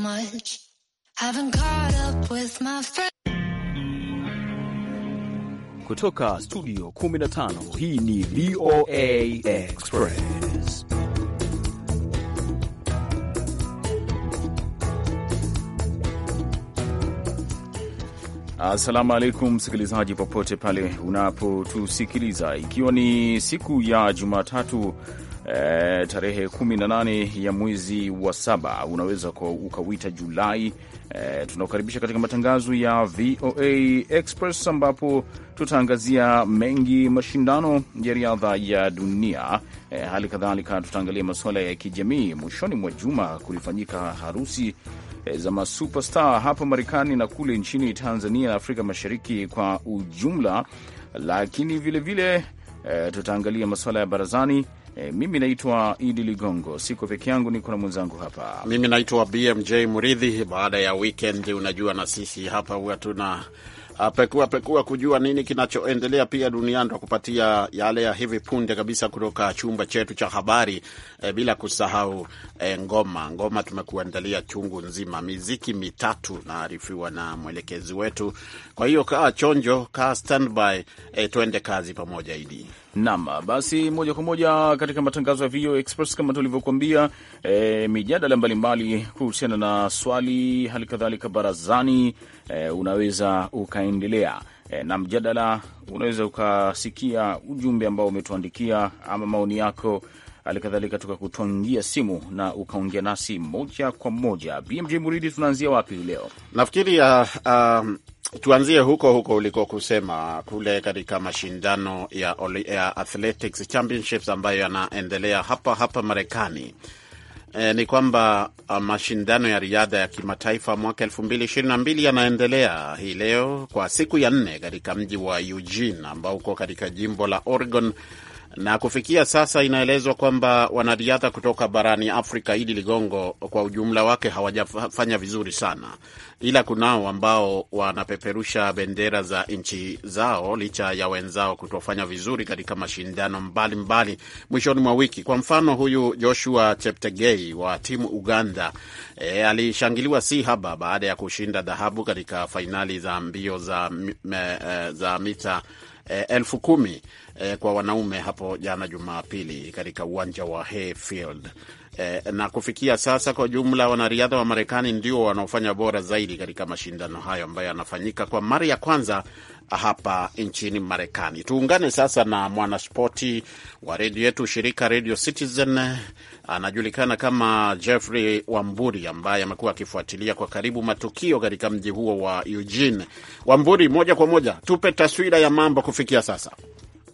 much. Haven't caught up with my friends. Kutoka studio 15 hii ni VOA Express. Assalamu alaikum msikilizaji, popote pale unapotusikiliza, ikiwa ni siku ya Jumatatu Eh, tarehe 18 ya mwezi wa saba, unaweza ukawita Julai. E, tunakukaribisha katika matangazo ya VOA Express ambapo tutaangazia mengi, mashindano ya riadha ya dunia, E, hali kadhalika tutaangalia masuala ya kijamii. Mwishoni mwa juma kulifanyika harusi za masuperstar hapa Marekani na kule nchini Tanzania na Afrika Mashariki kwa ujumla, lakini vilevile vile, e, tutaangalia masuala ya barazani E, mimi naitwa Idi Ligongo, siko peke yangu, niko na mwenzangu hapa. Mimi naitwa BMJ Muridhi. Baada ya wikendi, unajua na sisi hapa huwa tuna ah, pekua pekua kujua nini kinachoendelea pia duniani, twa kupatia yale ya hivi punde kabisa kutoka chumba chetu cha habari e, bila kusahau e, ngoma ngoma. Tumekuandalia chungu nzima, miziki mitatu naarifiwa na mwelekezi wetu. Kwa hiyo kaa chonjo, kaa standby, e, tuende kazi pamoja Idi nam basi moja kwa moja katika matangazo ya VOA Express kama tulivyokuambia, e, mijadala mbalimbali kuhusiana na swali, hali kadhalika barazani, e, unaweza ukaendelea e, na mjadala unaweza ukasikia ujumbe ambao umetuandikia ama maoni yako hali kadhalika tukakutwangia simu na ukaongea nasi moja kwa moja. BMJ Muridi, tunaanzia wapi leo? Nafikiri uh, uh, tuanzie huko huko uliko kusema kule katika mashindano ya, ya athletics championships ambayo yanaendelea hapa hapa Marekani. E, ni kwamba uh, mashindano ya riadha ya kimataifa mwaka elfu mbili ishirini na mbili yanaendelea hii leo kwa siku ya nne katika mji wa Eugene ambao uko katika jimbo la Oregon na kufikia sasa inaelezwa kwamba wanariadha kutoka barani Afrika, Idi Ligongo, kwa ujumla wake hawajafanya vizuri sana, ila kunao ambao wanapeperusha bendera za nchi zao licha ya wenzao kutofanya vizuri katika mashindano mbalimbali mwishoni mwa wiki. Kwa mfano, huyu Joshua Cheptegei wa timu Uganda e, alishangiliwa si haba baada ya kushinda dhahabu katika fainali za mbio za, me, e, za mita eh, elfu kumi eh, kwa wanaume hapo jana Jumapili katika uwanja wa Hayfield Eh, na kufikia sasa kwa jumla wanariadha wa Marekani ndio wanaofanya bora zaidi katika mashindano hayo ambayo yanafanyika kwa mara ya kwanza hapa nchini Marekani. Tuungane sasa na mwanaspoti wa redio yetu shirika Radio Citizen, anajulikana kama Jeffrey Wamburi ambaye amekuwa akifuatilia kwa karibu matukio katika mji huo wa Eugene. Wamburi, moja kwa moja tupe taswira ya mambo kufikia sasa.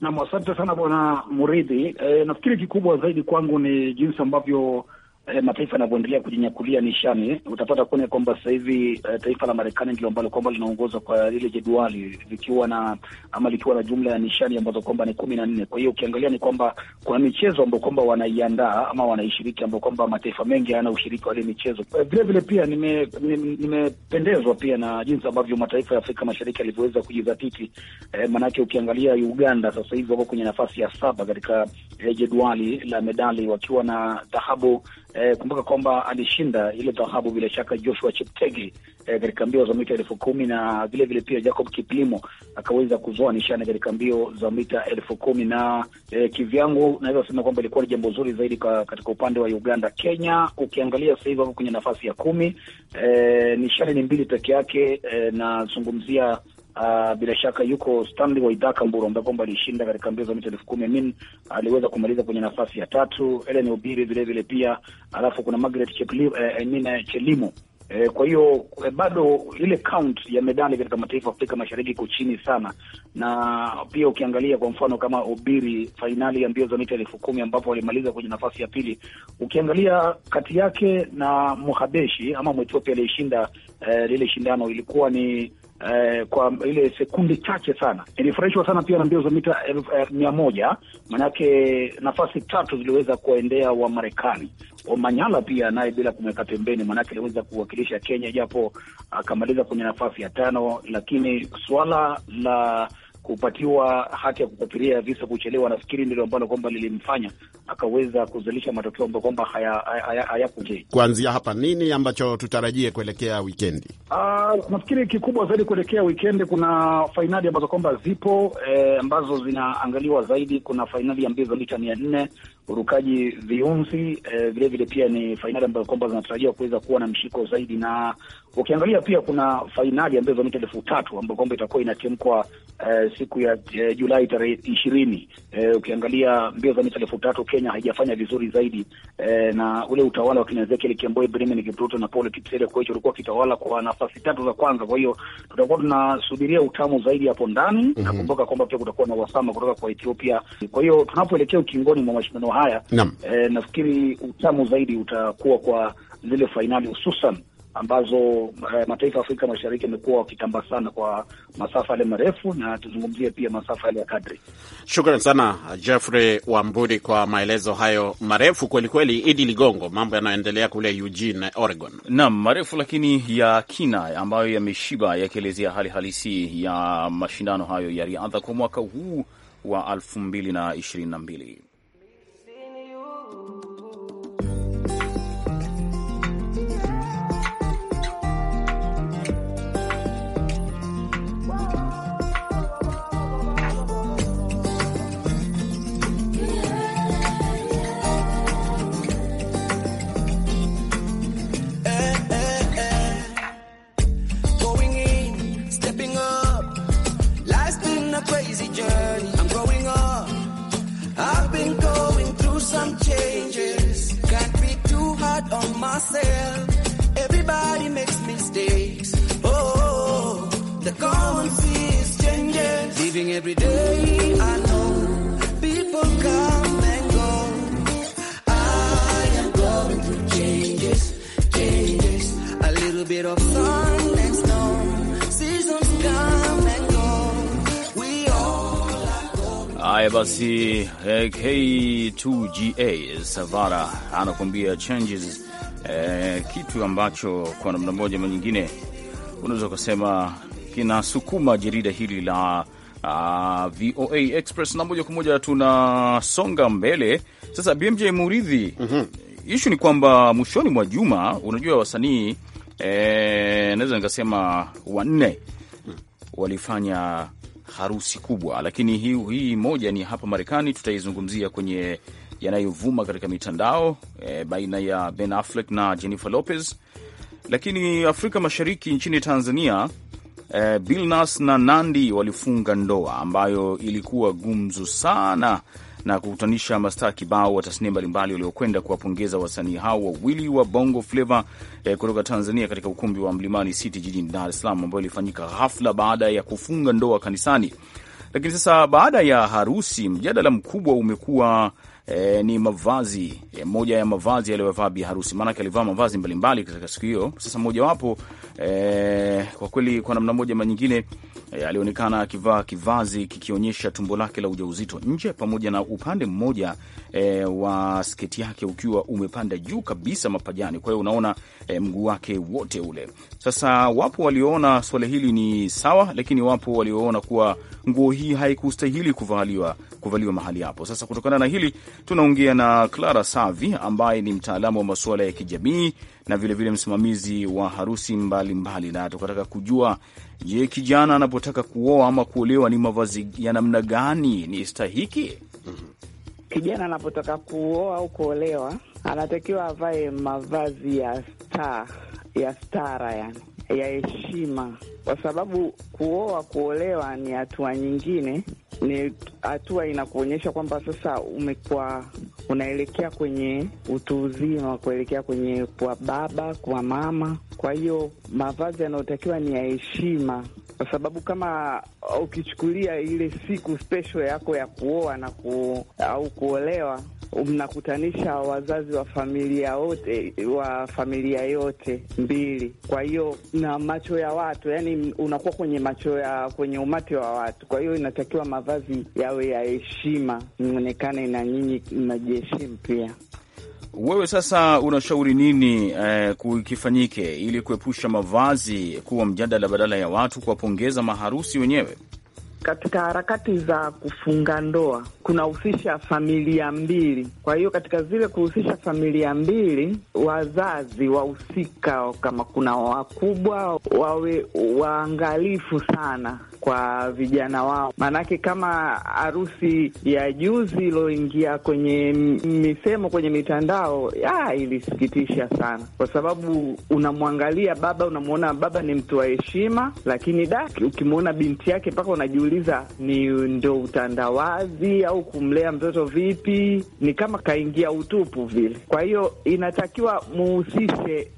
Nam, asante sana bwana Muridhi. E, nafikiri kikubwa zaidi kwangu ni jinsi ambavyo eh, mataifa yanavyoendelea kujinyakulia nishani, utapata kuona kwamba sasa hivi eh, taifa la Marekani ndilo ambalo kwamba linaongoza kwa lile jedwali likiwa na ama likiwa na jumla ya nishani ambazo kwamba ni kumi na nne. Kwa hiyo ukiangalia ni kwamba kuna michezo ambayo kwamba wanaiandaa ama wanaishiriki ambayo kwamba mataifa mengi hayana ushiriki wa ile michezo. Eh, vile vile pia nimependezwa nime nime pia na jinsi ambavyo mataifa ya Afrika Mashariki yalivyoweza kujidhatiti eh, maanake ukiangalia Uganda sasa hivi wako kwenye nafasi ya saba katika eh, jedwali la medali wakiwa na dhahabu eh, kumbuka kwamba alishinda ile dhahabu bila shaka Joshua Cheptegei eh, katika mbio za mita elfu kumi na vile vile pia Jacob Kiplimo akaweza kuzoa nishani katika mbio za mita elfu kumi na eh, kivyangu naweza kusema kwamba ilikuwa ni jambo zuri zaidi ka, katika upande wa Uganda. Kenya ukiangalia sasa hivi wako kwenye nafasi ya kumi eh, nishani ni mbili peke yake eh, nazungumzia Uh, bila shaka yuko Stanley Waidaka Mburu ambaye kwamba alishinda katika mbio za mita elfu kumi min aliweza kumaliza kwenye nafasi ya tatu. Ellen Obiri vile vile pia, alafu kuna Margaret Cheplimu, eh, I mean, eh, Chelimo eh, kwa hiyo eh, bado ile count ya medali katika mataifa Afrika Mashariki iko chini sana, na pia ukiangalia kwa mfano kama Obiri fainali ya mbio za mita elfu kumi ambapo alimaliza kwenye nafasi ya pili, ukiangalia kati yake na Muhabeshi ama Mwethiopia aliyeshinda eh, lile shindano ilikuwa ni eh, kwa ile sekunde chache sana. Nilifurahishwa sana pia na mbio za mita eh, mia moja, manake nafasi tatu ziliweza kuwaendea wa Marekani. Omanyala pia naye bila kumweka pembeni, manake aliweza kuwakilisha Kenya japo akamaliza kwenye nafasi ya tano, lakini suala la kupatiwa hati ya kusafiria visa kuchelewa, nafikiri ndilo ambalo kwamba lilimfanya akaweza kuzalisha matokeo ambayo kwamba hayapo haya, haya kuanzia hapa, nini ambacho tutarajie kuelekea wikendi? Uh, nafikiri kikubwa zaidi kuelekea wikendi kuna fainali ambazo kwamba zipo eh, ambazo zinaangaliwa zaidi. Kuna fainali ya mbio za mita mia nne urukaji viunzi vilevile, eh, vile pia ni fainali ambazo kwamba zinatarajiwa kuweza kuwa na mshiko zaidi, na ukiangalia pia kuna fainali ya mbio za mita elfu tatu ambayo kwamba itakuwa inatemkwa eh, siku ya eh, Julai tarehe ishirini. Eh, ukiangalia mbio za mita elfu tatu Kenya haijafanya vizuri zaidi e, na ule utawala wa kina Ezekiel Kemboi, Benjamin Kipruto na Paul kwa Koech walikuwa kitawala kwa nafasi tatu za kwanza. Kwa hiyo tutakuwa tunasubiria utamu zaidi hapo ndani mm -hmm. na kumbuka kwamba pia kutakuwa na wasama kutoka kwa Ethiopia. Kwa hiyo tunapoelekea ukingoni mwa mashindano haya e, nafikiri utamu zaidi utakuwa kwa zile fainali hususan ambazo eh, mataifa ya Afrika Mashariki yamekuwa wakitamba sana kwa masafa yale marefu, na tuzungumzie pia masafa yale ya kadri. Shukran sana Jeffrey Wamburi kwa maelezo hayo marefu kwelikweli. Idi Ligongo, mambo yanayoendelea kule Eugene, Oregon. Naam, marefu lakini ya kina ambayo yameshiba, yakielezea hali halisi ya mashindano hayo ya riadha kwa mwaka huu wa elfu mbili na ishirini na mbili. a crazy journey. I'm growing up. I've been going through some changes. Can't be too hard on myself. Everybody makes mistakes. Oh, the currency is changing. Living every day. I know. Haya basi, eh, K2GA Savara anakuambia changes eh, kitu ambacho kwa namna moja ama nyingine unaweza ukasema kinasukuma jarida hili la uh, ah, VOA Express, na moja kwa moja tunasonga mbele sasa. BMJ Muridhi, mm -hmm. Ishu ni kwamba mwishoni mwa juma, unajua wasanii eh, naweza nikasema wanne hmm. walifanya harusi kubwa, lakini hii, hii moja ni hapa Marekani. Tutaizungumzia kwenye yanayovuma katika mitandao e, baina ya Ben Affleck na Jennifer Lopez. Lakini Afrika Mashariki, nchini Tanzania e, Billnass na Nandi walifunga ndoa ambayo ilikuwa gumzu sana na kukutanisha mastaa kibao wa tasnia mbalimbali waliokwenda kuwapongeza wasanii hao wawili wa bongo fleva eh, kutoka Tanzania katika ukumbi wa Mlimani City jijini Dar es Salaam, ambayo ilifanyika ghafla baada ya kufunga ndoa kanisani. Lakini sasa baada ya harusi, mjadala mkubwa umekuwa e, ni mavazi e, moja ya mavazi aliyovaa bi harusi, maanake alivaa mavazi mbalimbali katika siku hiyo. Sasa mojawapo e, kwa kweli, kwa namna moja ama nyingine e, alionekana akivaa kivazi kikionyesha tumbo lake la ujauzito nje, pamoja na upande mmoja e, wa sketi yake ukiwa umepanda juu kabisa mapajani. Kwa hiyo unaona e, mguu wake wote ule. Sasa wapo walioona swala hili ni sawa, lakini wapo walioona kuwa nguo hii haikustahili kuvaliwa kuvaliwa mahali hapo. Sasa kutokana na hili Tunaongea na Clara Savi ambaye ni mtaalamu wa masuala ya kijamii na vilevile vile msimamizi wa harusi mbalimbali mbali, na tukataka kujua, je, kijana anapotaka kuoa ama kuolewa ni mavazi ya namna gani ni stahiki? Kijana anapotaka kuoa au kuolewa anatakiwa avae mavazi ya star, ya stara yani ya heshima, kwa sababu kuoa, kuolewa ni hatua nyingine, ni hatua inakuonyesha kwamba sasa umekuwa unaelekea kwenye utu uzima, kuelekea kwenye kwa baba, kwa mama. Kwa hiyo mavazi yanayotakiwa ni ya heshima kwa sababu kama ukichukulia ile siku special yako ya kuoa na ku, au kuolewa mnakutanisha wazazi wa familia wote wa familia yote mbili, kwa hiyo na macho ya watu, yani unakuwa kwenye macho ya kwenye umati wa watu. Kwa hiyo inatakiwa mavazi yawe ya heshima, mionekane na nyinyi mnajiheshimu pia. Wewe sasa unashauri nini eh, kukifanyike ili kuepusha mavazi kuwa mjadala badala ya watu kuwapongeza maharusi wenyewe? katika harakati za kufunga ndoa kunahusisha familia mbili. Kwa hiyo katika zile kuhusisha familia mbili, wazazi wahusika, kama kuna wakubwa, wawe waangalifu sana kwa vijana wao, maanake kama harusi ya juzi iliyoingia kwenye misemo kwenye mitandao ya, ilisikitisha sana, kwa sababu unamwangalia baba, unamwona baba ni mtu wa heshima, lakini da ukimwona binti yake mpaka unajiuliza ni ndo utandawazi au kumlea mtoto vipi? Ni kama kaingia utupu vile. Kwa hiyo inatakiwa muhusishe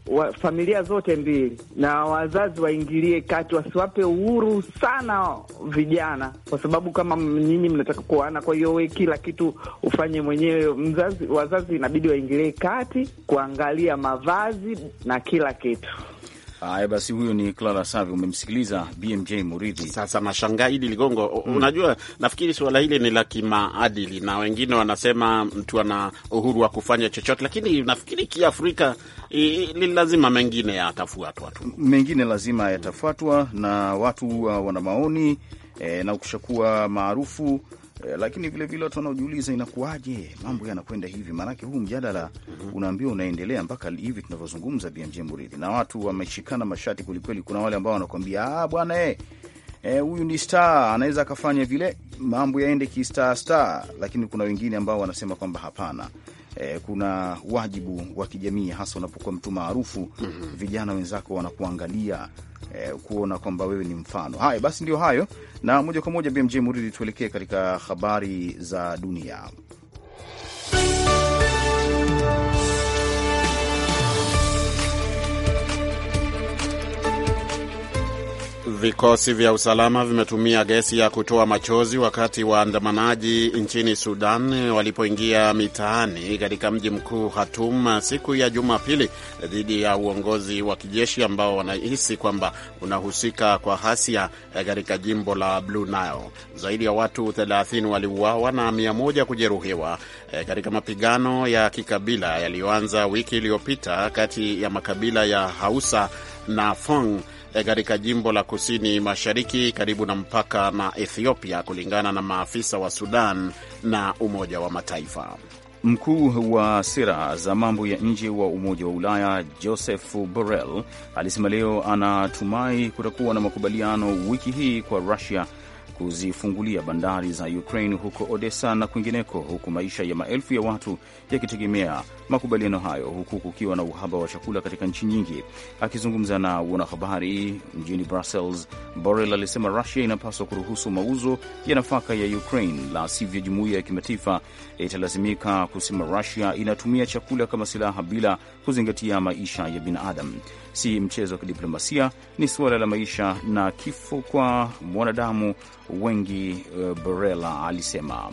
familia zote mbili na wazazi waingilie kati, wasiwape uhuru sana sana vijana, kwa sababu kama nyinyi mnataka kuoana, kwa hiyo we kila kitu ufanye mwenyewe. Mzazi, wazazi inabidi waingilie kati kuangalia mavazi na kila kitu. Haya basi, huyo ni Clara Savi. Umemsikiliza BMJ Muridhi. Sasa mashangaidi Idi Ligongo, mm. Unajua, nafikiri suala hili ni la kimaadili na wengine wanasema mtu ana uhuru wa kufanya chochote, lakini nafikiri kiafrika ni lazima mengine yatafuatwa tu, mengine lazima yatafuatwa na watu uh, wana maoni e, na ukishakuwa maarufu E, lakini vilevile watu wanaojiuliza inakuwaje mambo yanakwenda hivi, maanake huu mjadala unaambiwa unaendelea mpaka hivi tunavyozungumza, BMJ Muridhi, na watu wameshikana mashati kwelikweli. Kuna wale ambao wanakuambia ah, bwana eh, eh, huyu e, ni star anaweza akafanya vile mambo yaende kistar star, lakini kuna wengine ambao wanasema kwamba hapana, e, kuna wajibu wa kijamii hasa unapokuwa mtu maarufu mm -hmm. Vijana wenzako wanakuangalia e, kuona kwamba wewe ni mfano. Haya basi, ndio hayo na moja kwa moja BMJ Muridi, tuelekee katika habari za dunia. Vikosi vya usalama vimetumia gesi ya kutoa machozi wakati waandamanaji nchini Sudan walipoingia mitaani katika mji mkuu Khartoum siku ya Jumapili dhidi ya uongozi wa kijeshi ambao wanahisi kwamba unahusika kwa ghasia katika jimbo la Blue Nile. Zaidi ya watu 30 waliuawa na 100 kujeruhiwa katika mapigano ya kikabila yaliyoanza wiki iliyopita kati ya makabila ya Hausa Fong eh, katika jimbo la kusini mashariki karibu na mpaka na Ethiopia, kulingana na maafisa wa Sudan na Umoja wa Mataifa. Mkuu wa sera za mambo ya nje wa Umoja wa Ulaya Joseph Borrell alisema leo anatumai kutakuwa na makubaliano wiki hii kwa Rusia kuzifungulia bandari za Ukraine huko Odessa na kwingineko, huku maisha ya maelfu ya watu yakitegemea makubaliano hayo huku kukiwa na uhaba wa chakula katika nchi nyingi. Akizungumza na wanahabari mjini Brussels, Borrell alisema Rusia inapaswa kuruhusu mauzo ya nafaka ya Ukraine, la sivyo jumuiya ya kimataifa italazimika kusema Rusia inatumia chakula kama silaha bila kuzingatia maisha ya binadamu. Si mchezo wa kidiplomasia, ni suala la maisha na kifo kwa mwanadamu wengi, eh, Borrell alisema.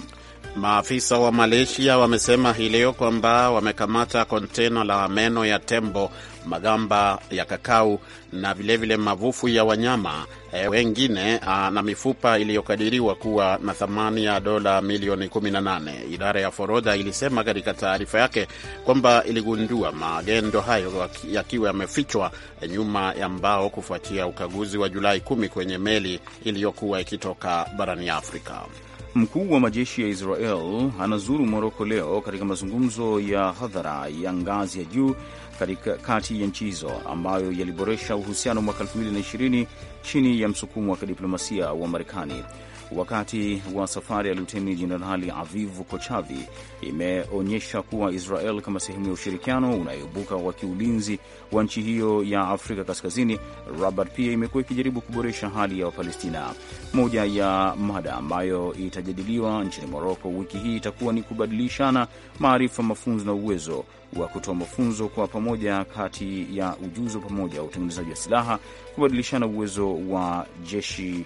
Maafisa wa Malaysia wamesema hii leo kwamba wamekamata kontena la meno ya tembo, magamba ya kakau na vilevile vile mavufu ya wanyama e, wengine a, na mifupa iliyokadiriwa kuwa na thamani ya dola milioni 18. Idara ya forodha ilisema katika taarifa yake kwamba iligundua magendo hayo yakiwa yamefichwa nyuma ya mbao kufuatia ukaguzi wa Julai 10 kwenye meli iliyokuwa ikitoka barani Afrika. Mkuu wa majeshi ya Israel anazuru Moroko leo katika mazungumzo ya hadhara ya ngazi ya juu katika kati ya nchi hizo ambayo yaliboresha uhusiano mwaka 2020 chini ya msukumo wa kidiplomasia wa Marekani wakati wa safari ya Luteni Jenerali Aviv Kochavi imeonyesha kuwa Israel kama sehemu ya ushirikiano unayoibuka wa kiulinzi wa nchi hiyo ya Afrika Kaskazini, robert pia imekuwa ikijaribu kuboresha hali ya Wapalestina. Moja ya mada ambayo itajadiliwa nchini Moroko wiki hii itakuwa ni kubadilishana maarifa, mafunzo na uwezo wa kutoa mafunzo kwa pamoja kati ya ujuzi wa pamoja wa utengenezaji wa silaha, kubadilishana uwezo wa jeshi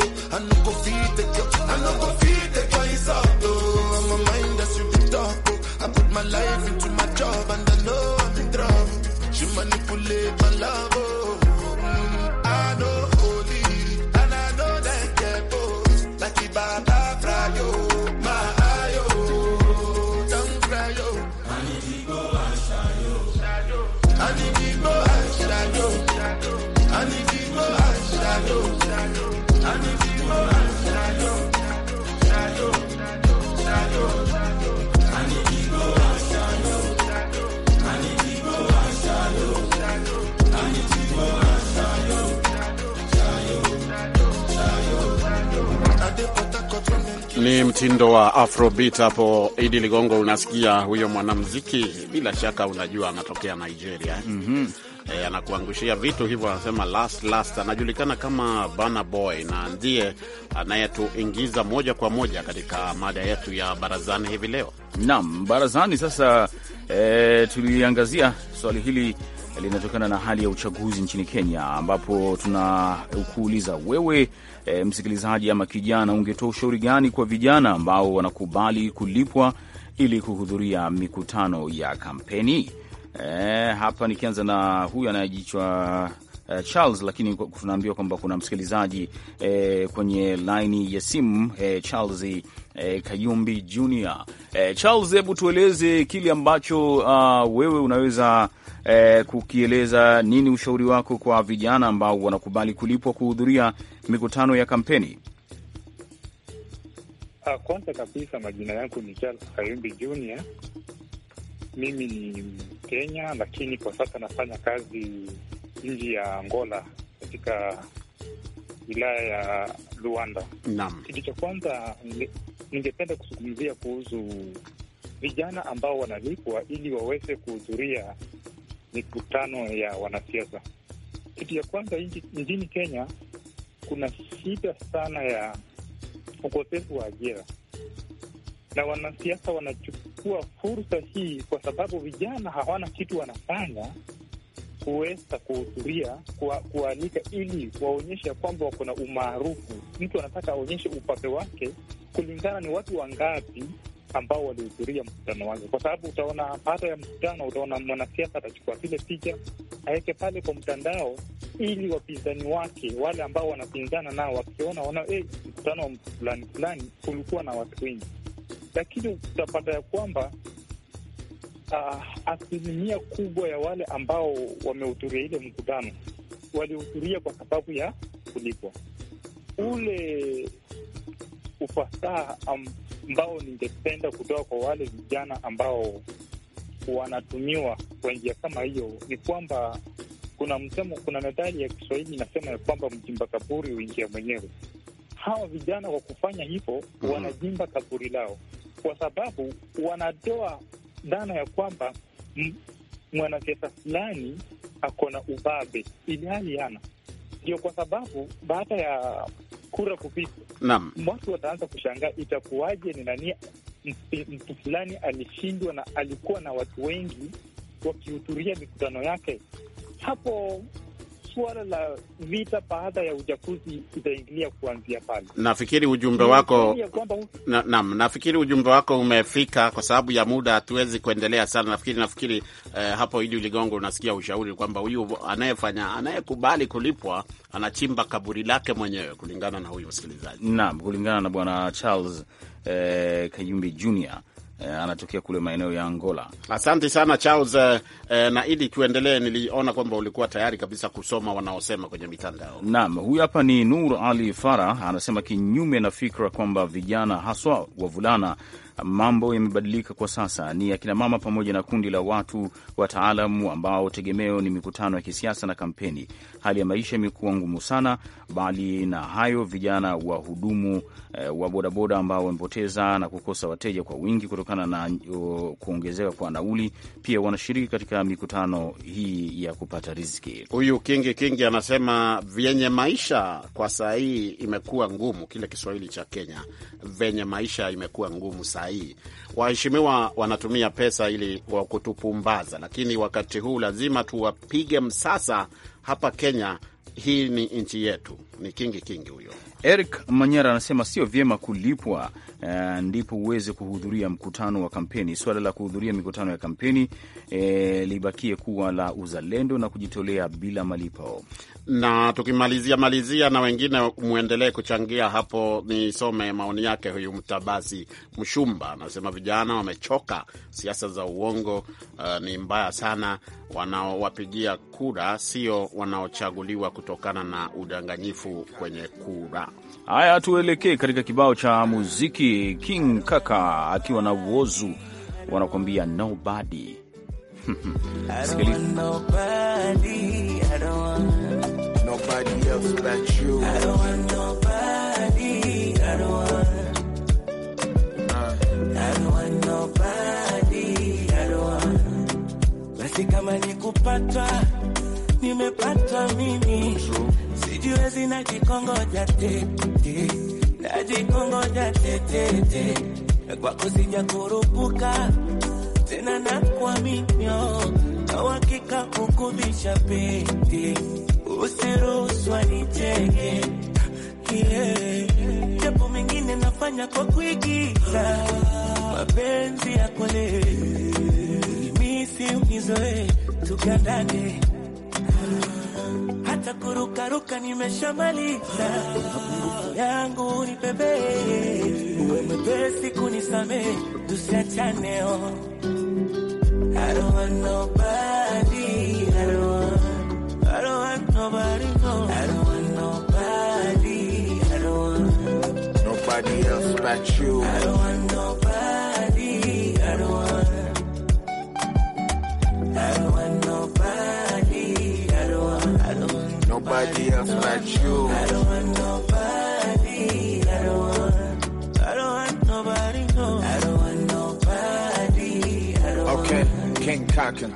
I no go feed the girl. I no go feed the guys out though. i mind that's you talk. I put my life into my job and I know I'm in trouble. She manipulate my love. Oh. ni mtindo wa afrobeat hapo. Idi Ligongo, unasikia huyo mwanamuziki, bila shaka unajua anatokea Nigeria. mm -hmm. E, anakuangushia vitu hivyo, anasema last last. Anajulikana kama Burna Boy na ndiye anayetuingiza moja kwa moja katika mada yetu ya barazani hivi leo. Naam, barazani sasa. E, tuliangazia swali hili linatokana na hali ya uchaguzi nchini Kenya, ambapo tunakuuliza wewe, e, msikilizaji ama kijana, ungetoa ushauri gani kwa vijana ambao wanakubali kulipwa ili kuhudhuria mikutano ya kampeni? E, hapa nikianza na huyu anayejichwa eh, Charles, lakini tunaambiwa kwamba kuna msikilizaji e, kwenye laini ya simu e, Charles e, Kayumbi Junior. E, Charles, hebu tueleze kile ambacho uh, wewe unaweza eh, kukieleza nini ushauri wako kwa vijana ambao wanakubali kulipwa kuhudhuria mikutano ya kampeni? Ah, kwanza kabisa majina yangu ni Charles Kayumbi Junior. Mimi ni Mkenya, lakini kwa sasa nafanya kazi nji ya Angola katika wilaya ya Luanda. Naam, kitu cha kwanza ningependa kuzungumzia kuhusu vijana ambao wanalipwa ili waweze kuhudhuria mikutano ya wanasiasa. Kitu ya kwanza nchini Kenya kuna shida sana ya ukosefu wa ajira, na wanasiasa wanachukua fursa hii, kwa sababu vijana hawana kitu wanafanya, kuweza kuhudhuria kualika, ili waonyeshe kwamba wako na umaarufu. Mtu anataka aonyeshe upape wake kulingana ni watu wangapi ambao walihudhuria mkutano wake, kwa sababu utaona baada ya mkutano, utaona mwanasiasa atachukua zile picha aweke pale kwa mtandao, ili wapinzani wake wale ambao wanapinzana nao wakiona, wana hey, eh, mkutano fulani fulani kulikuwa na watu wengi, lakini utapata ya kwamba uh, asilimia kubwa ya wale ambao wamehudhuria ile mkutano walihudhuria kwa sababu ya kulipwa ule ufasaha um, ambao ningependa kutoa kwa wale vijana ambao wanatumiwa kwa njia kama hiyo ni kwamba kuna msemo, kuna methali ya Kiswahili inasema ya kwamba mchimba kaburi huingia mwenyewe. Hawa vijana kwa kufanya hivyo mhm. wanajimba kaburi lao, kwa sababu wanatoa dhana ya kwamba mwanasiasa fulani ako na ubabe, ili hali hana. Ndio kwa sababu baada ya kura kupita, naam, watu wataanza kushangaa itakuwaje, ni nani mtu fulani alishindwa na alikuwa na watu wengi wakihudhuria mikutano yake hapo suala la vita baada ya uchaguzi itaingilia kuanzia pale. Nafikiri ujumbe wako na, na, nafikiri ujumbe wako umefika. Kwa sababu ya muda, hatuwezi kuendelea sana. Nafikiri nafikiri eh, hapo Idi Ligongo, unasikia ushauri kwamba huyu anayefanya anayekubali kulipwa anachimba kaburi lake mwenyewe, kulingana na huyu msikilizaji. Naam, kulingana na bwana Charles eh, Kayumbi Jr eh, anatokea kule maeneo ya Angola. Asante sana Charles eh, eh na ili tuendelee, niliona kwamba ulikuwa tayari kabisa kusoma wanaosema kwenye mitandao. Naam, huyu hapa ni Nur Ali Farah anasema kinyume na fikra kwamba vijana haswa wavulana mambo yamebadilika kwa sasa, ni akinamama pamoja na kundi la watu wataalamu ambao tegemeo ni mikutano ya kisiasa na kampeni. Hali ya maisha imekuwa ngumu sana. Bali na hayo, vijana wahudumu eh, wa bodaboda ambao wamepoteza na kukosa wateja kwa wingi kutokana na o, kuongezeka kwa nauli, pia wanashiriki katika mikutano hii ya kupata riziki. Huyu Kingi Kingi anasema vyenye maisha kwa saa hii imekuwa ngumu, kile Kiswahili cha Kenya, vyenye maisha imekuwa ngumu sana saa hii. Waheshimiwa wanatumia pesa ili wa kutupumbaza, lakini wakati huu lazima tuwapige msasa hapa Kenya. Hii ni nchi yetu, ni Kingi Kingi huyo. Eric Manyara anasema sio vyema kulipwa e, ndipo uweze kuhudhuria mkutano wa kampeni. Suala la kuhudhuria mikutano ya kampeni e, libakie kuwa la uzalendo na kujitolea bila malipo. Na tukimalizia malizia na wengine mwendelee kuchangia hapo, nisome maoni yake. Huyu Mtabasi Mshumba anasema vijana wamechoka siasa za uongo. Uh, ni mbaya sana, wanaowapigia kura sio wanaochaguliwa kutokana na udanganyifu kwenye kura. Haya, tuelekee katika kibao cha muziki. King Kaka akiwa na uozu wanakuambia nobody. Uh. Basi kama nikupata nimepata mimi True sijiwezi na jikongoja tete na jikongoja tete kwako sija kurupuka tena na kwaminyo na uhakika kukubisha pete usiruhusu nicheke japo yeah. Mengine nafanya kwa kuigiza mapenzi ya kweli misi unizoe tukandane hata kurukaruka nimeshamaliza. yangu ni mwepesi kunisamehe, tusiachaneo. Oh. nobody else but you. I don't want nobody nobody else but you. I don't want nobody. I don't want. I don't want nobody. No. I don't want nobody. I don't okay, want King Kakin.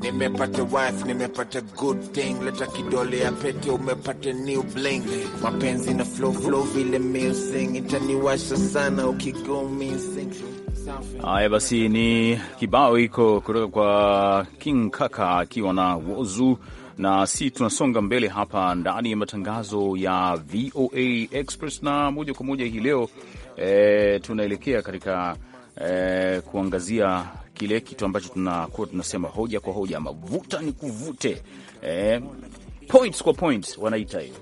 Nimepata wife, nimepata good thing, leta kidole ya pete, umepata new bling. Mapenzi na flow flow vile music itaniwasha sana ukiko missing. Haya basi, ni kibao hiko kutoka kwa King Kaka akiwa na Wozu na si tunasonga mbele hapa ndani ya matangazo ya VOA Express na moja kwa moja hii leo e, tunaelekea katika e, kuangazia kile kitu ambacho tunakuwa tunasema hoja kwa hoja ama vuta ni kuvute, e, points kwa points wanaita hiyo,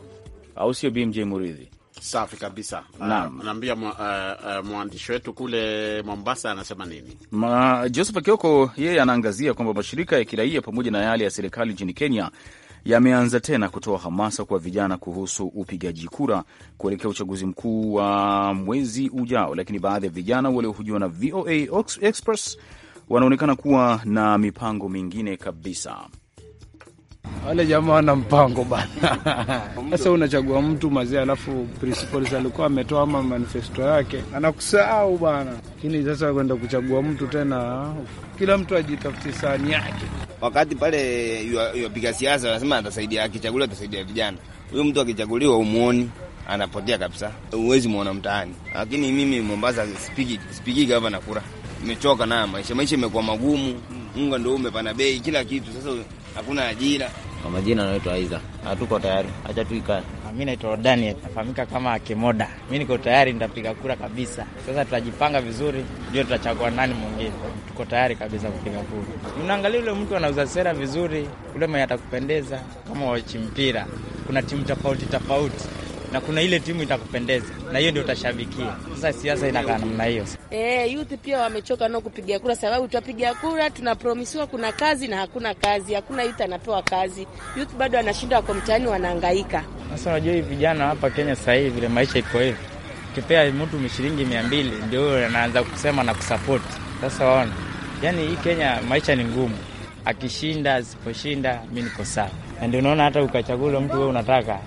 au sio? BMJ Muridhi Safi kabisa. Ah, naambia uh, uh, mwandishi wetu kule Mombasa anasema nini? Ma, Joseph Kioko yeye anaangazia kwamba mashirika ya kiraia pamoja na yale ya serikali nchini Kenya yameanza tena kutoa hamasa kwa vijana kuhusu upigaji kura kuelekea uchaguzi mkuu wa mwezi ujao, lakini baadhi ya vijana waliohojiwa na VOA Express wanaonekana kuwa na mipango mingine kabisa. Wale jamaa wana mpango bana. Sasa unachagua mtu mazee, alafu principals alikuwa ametoa ama manifesto yake, anakusahau bana. Lakini sasa kwenda kuchagua mtu tena, kila mtu ajitafuti sahani yake. Wakati pale yapiga siasa, anasema atasaidia, akichaguliwa atasaidia vijana. Huyu mtu akichaguliwa umuoni anapotea kabisa, huwezi mwona mtaani. Lakini mimi Mombasa sipigi sipigi gava na kura, imechoka nayo maisha. Maisha imekuwa magumu, unga ndo umepana bei, kila kitu sasa hakuna ajira. Kwa majina anaitwa Aiza. Hatuko tayari, acha tuikae. Ah, Mi naitwa Daniel, nafahamika kama Akimoda. Mi niko tayari, nitapiga kura kabisa. Sasa tutajipanga vizuri, ndio tutachagua nani mwingine. Tuko tayari kabisa kupiga kura. Unaangalia yule mtu anauza sera vizuri, yule mwenye atakupendeza. Kama wachi mpira, kuna timu tofauti tofauti na kuna ile timu itakupendeza na hiyo ndio utashabikia. Sasa siasa inakaa namna hiyo. Eh, youth pia wamechoka nao kupiga kura, sababu tutapiga kura tunapromisiwa kuna kazi na hakuna kazi, hakuna youth anapewa kazi. Youth bado anashinda, wako mtaani wanahangaika. Sasa unajua hivi vijana hapa Kenya sasa hivi vile maisha iko hivi, ukipea mtu mshilingi mia mbili ndio anaanza kusema na kusapoti. Sasa waona, yani hii Kenya maisha ni ngumu, akishinda asiposhinda mi niko sawa, na ndio unaona hata ukachagula mtu we unataka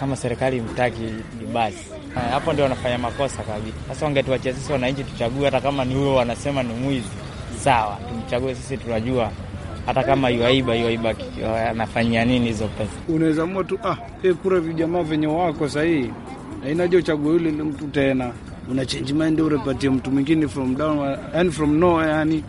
kama serikali mtaki ni basi eh, hapo ndio wanafanya makosa kabisa. Sasa wangetuachia sisi wananchi tuchague, hata kama ni huyo wanasema ni mwizi, sawa, tumchague sisi, tunajua hata kama iwaiba iwaiba anafanyia nini hizo pesa. Unaweza mua tu ah, e kura vijamaa venye wako sahii, ainaja uchague yule mtu tena, una change mind urepatie mtu mwingine from down, from no, yani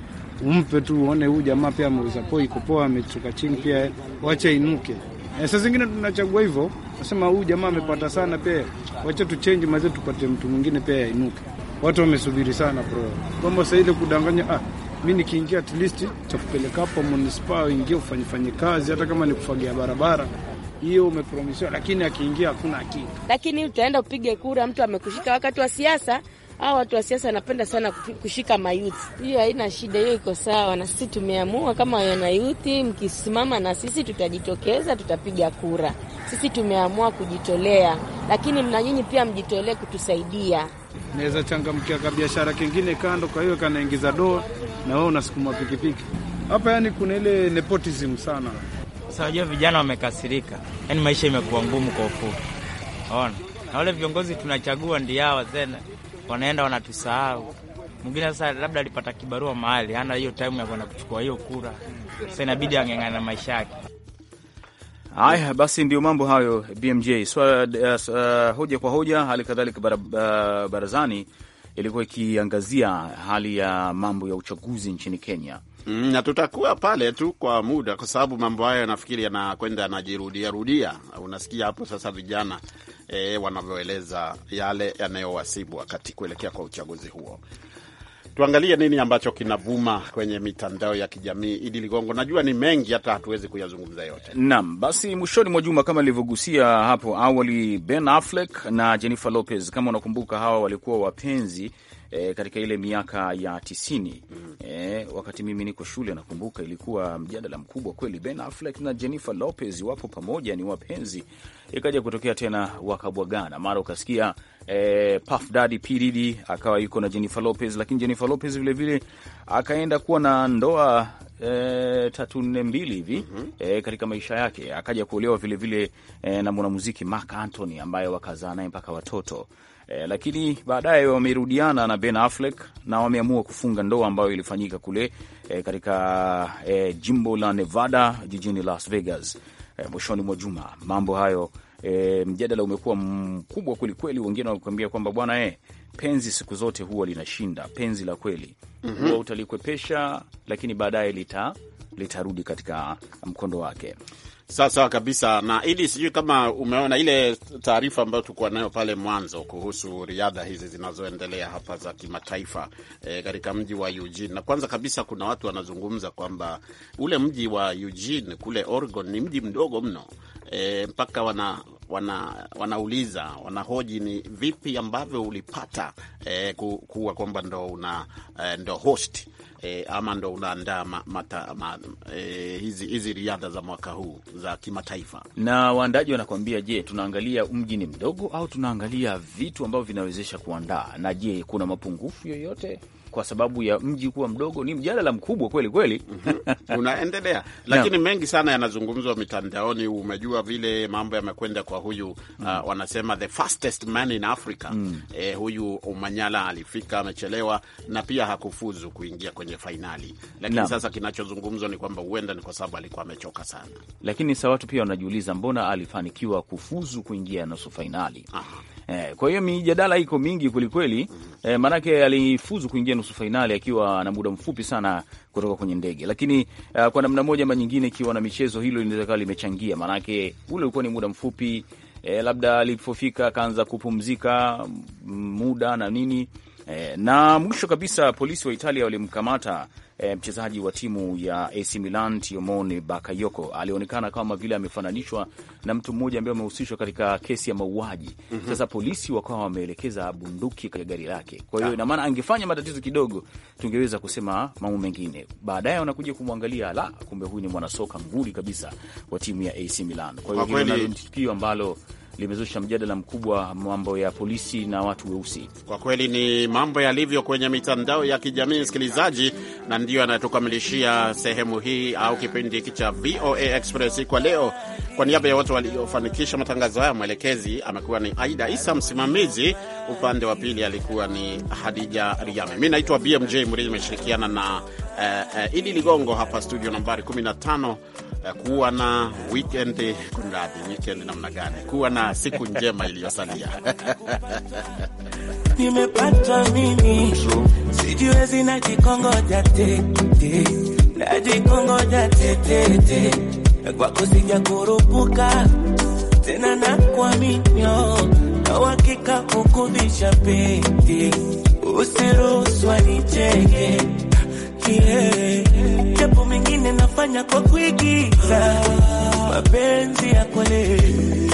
umpe tu uone, huyu jamaa pia ameuza poa, iko poa, amechuka chini pia, wacha inuke. E, saa zingine tunachagua hivyo Nasema huyu jamaa amepata sana pea, wacha change maze tupate mtu mwingine pia yainuke. Watu wamesubiri sana bro, kwamba sasa ile kudanganya. Ah, mi nikiingia at least cha kupeleka hapo munisipa ingie ufanyifanye kazi, hata kama ni kufagia barabara hiyo umepromisiwa, lakini akiingia hakuna akili. Lakini utaenda upige kura, mtu amekushika wakati wa siasa Hawa watu wa siasa wanapenda sana kushika mayuti. Hiyo haina shida, hiyo iko sawa, na sisi tumeamua kama wanayuti, mkisimama na sisi tutajitokeza, tutapiga kura. Sisi tumeamua kujitolea, lakini mna nyinyi pia mjitolee kutusaidia. Naweza changamkia ka biashara kingine kando, kwa hiyo kanaingiza doa na wewe unasukuma pikipiki hapa. Yani kuna ile nepotism sana. Sasa unajua vijana wamekasirika, yani maisha imekuwa ngumu kwa ufupi, ona na wale viongozi tunachagua ndio hawa tena wanaenda wanatusahau. Mwingine sasa labda alipata kibarua mahali, hana hiyo taimu ya kwenda kuchukua hiyo kura, sasa inabidi ang'ang'ana na maisha yake. Haya basi, ndio mambo hayo BMJ swa, uh, hoja kwa hoja, hali kadhalika bara, uh, barazani ilikuwa ikiangazia hali ya mambo ya uchaguzi nchini Kenya. Mm, na tutakuwa pale tu kwa muda, kwa sababu mambo hayo nafikiri yanakwenda yanajirudiarudia. Unasikia hapo sasa vijana e, wanavyoeleza yale yanayowasibu wakati kuelekea kwa uchaguzi huo. Tuangalie nini ambacho kinavuma kwenye mitandao ya kijamii. Idi Ligongo, najua ni mengi, hata hatuwezi kuyazungumza yote. Naam, basi mwishoni mwa juma, kama nilivyogusia hapo awali, Ben Affleck na Jennifer Lopez, kama unakumbuka, hawa walikuwa wapenzi e, katika ile miaka ya tisini mm -hmm. E, wakati mimi niko shule nakumbuka ilikuwa mjadala mkubwa kweli. Ben Affleck na Jennifer Lopez wapo pamoja, ni wapenzi, ikaja e, kutokea tena wakabwagana, mara ukasikia e, Puff Daddy P Diddy akawa yuko na Jennifer Lopez, lakini Jennifer Lopez vilevile akaenda kuwa na ndoa E, tatu nne mbili hivi mm -hmm. E, katika maisha yake akaja kuolewa vilevile e, na mwanamuziki Mark Antony ambaye wakazaa naye mpaka watoto eh, lakini baadaye wamerudiana na Ben Affleck na wameamua kufunga ndoa ambayo ilifanyika kule eh, katika eh, jimbo la Nevada jijini Las Vegas eh, mwishoni mwa juma. Mambo hayo eh, mjadala umekuwa mkubwa kwelikweli, wengine wakuambia kwamba bwana eh, penzi siku zote huwa linashinda. Penzi la kweli mm -hmm. huwa utalikwepesha, lakini baadaye litarudi lita katika mkondo wake. Sawa sawa kabisa. Na ili sijui kama umeona ile taarifa ambayo tulikuwa nayo pale mwanzo kuhusu riadha hizi zinazoendelea hapa za kimataifa e, katika mji wa Eugene. Na kwanza kabisa kuna watu wanazungumza kwamba ule mji wa Eugene kule Oregon ni mji mdogo mno e, mpaka wana wana, wanauliza wanahoji ni vipi ambavyo ulipata eh, kuwa kwamba ndo una eh, ndo host eh, ama ndo unaandaa eh, hizi, hizi riadha za mwaka huu za kimataifa. Na waandaji wanakuambia, je, tunaangalia mji ni mdogo au tunaangalia vitu ambavyo vinawezesha kuandaa, na je kuna mapungufu yoyote? kwa sababu ya mji kuwa mdogo, ni mjadala mkubwa kweli kweli. Mhm. Unaendelea, lakini no. mengi sana yanazungumzwa mitandaoni. Umejua vile mambo yamekwenda kwa huyu mm. uh, wanasema the fastest man in Africa mm. eh, huyu Umanyala alifika amechelewa, na pia hakufuzu kuingia kwenye fainali, lakini no. sasa kinachozungumzwa ni kwamba huenda ni kwa sababu alikuwa amechoka sana, lakini sa watu pia wanajiuliza mbona alifanikiwa kufuzu kuingia nusu fainali Aha. Eh, kwa hiyo mijadala iko mingi kwelikweli mhm. eh, maanake alifuzu kuingia nusu fainali akiwa na muda mfupi sana kutoka kwenye ndege, lakini eh, kwa namna moja ama nyingine, ikiwa na michezo hilo linaweza limechangia, maanake ule ulikuwa ni muda mfupi eh, labda alipofika akaanza kupumzika muda na nini E, na mwisho kabisa polisi wa Italia walimkamata e, mchezaji wa timu ya AC Milan Tiomone Bakayoko alionekana kama vile amefananishwa na mtu mmoja ambaye amehusishwa katika kesi ya mauaji mm -hmm. Sasa polisi wakawa wameelekeza bunduki katika gari lake, kwa hiyo ah. ina maana angefanya matatizo kidogo, tungeweza kusema mambo mengine baadaye. Wanakuja kumwangalia la, kumbe huyu ni mwanasoka nguli kabisa wa timu ya AC Milan. Kwa hiyo hilo tukio ambalo limezusha mjadala mkubwa, mambo ya polisi na watu weusi. Kwa kweli ni mambo yalivyo kwenye mitandao ya kijamii, msikilizaji, na ndiyo yanatukamilishia sehemu hii au kipindi hiki cha VOA Express kwa leo. Kwa niaba ya watu waliofanikisha matangazo haya, mwelekezi amekuwa ni Aida Isa, msimamizi upande wa pili alikuwa ni Hadija Riami, mi naitwa BMJ Mrii, imeshirikiana na uh, uh, Idi Ligongo hapa studio nambari 15. Eh, kuwa na weekend, kundadi weekend namna gani? Kuwa na siku njema iliyosalia. Nimepata mimi sijiwezi, najikongoja tete, najikongoja tetete, kwako, sija kurupuka tena, minyo na uhakika ukudisha pete, usiruhusu nicheke yeah japo mengine nafanya kwa kuigiza mapenzi ya kweli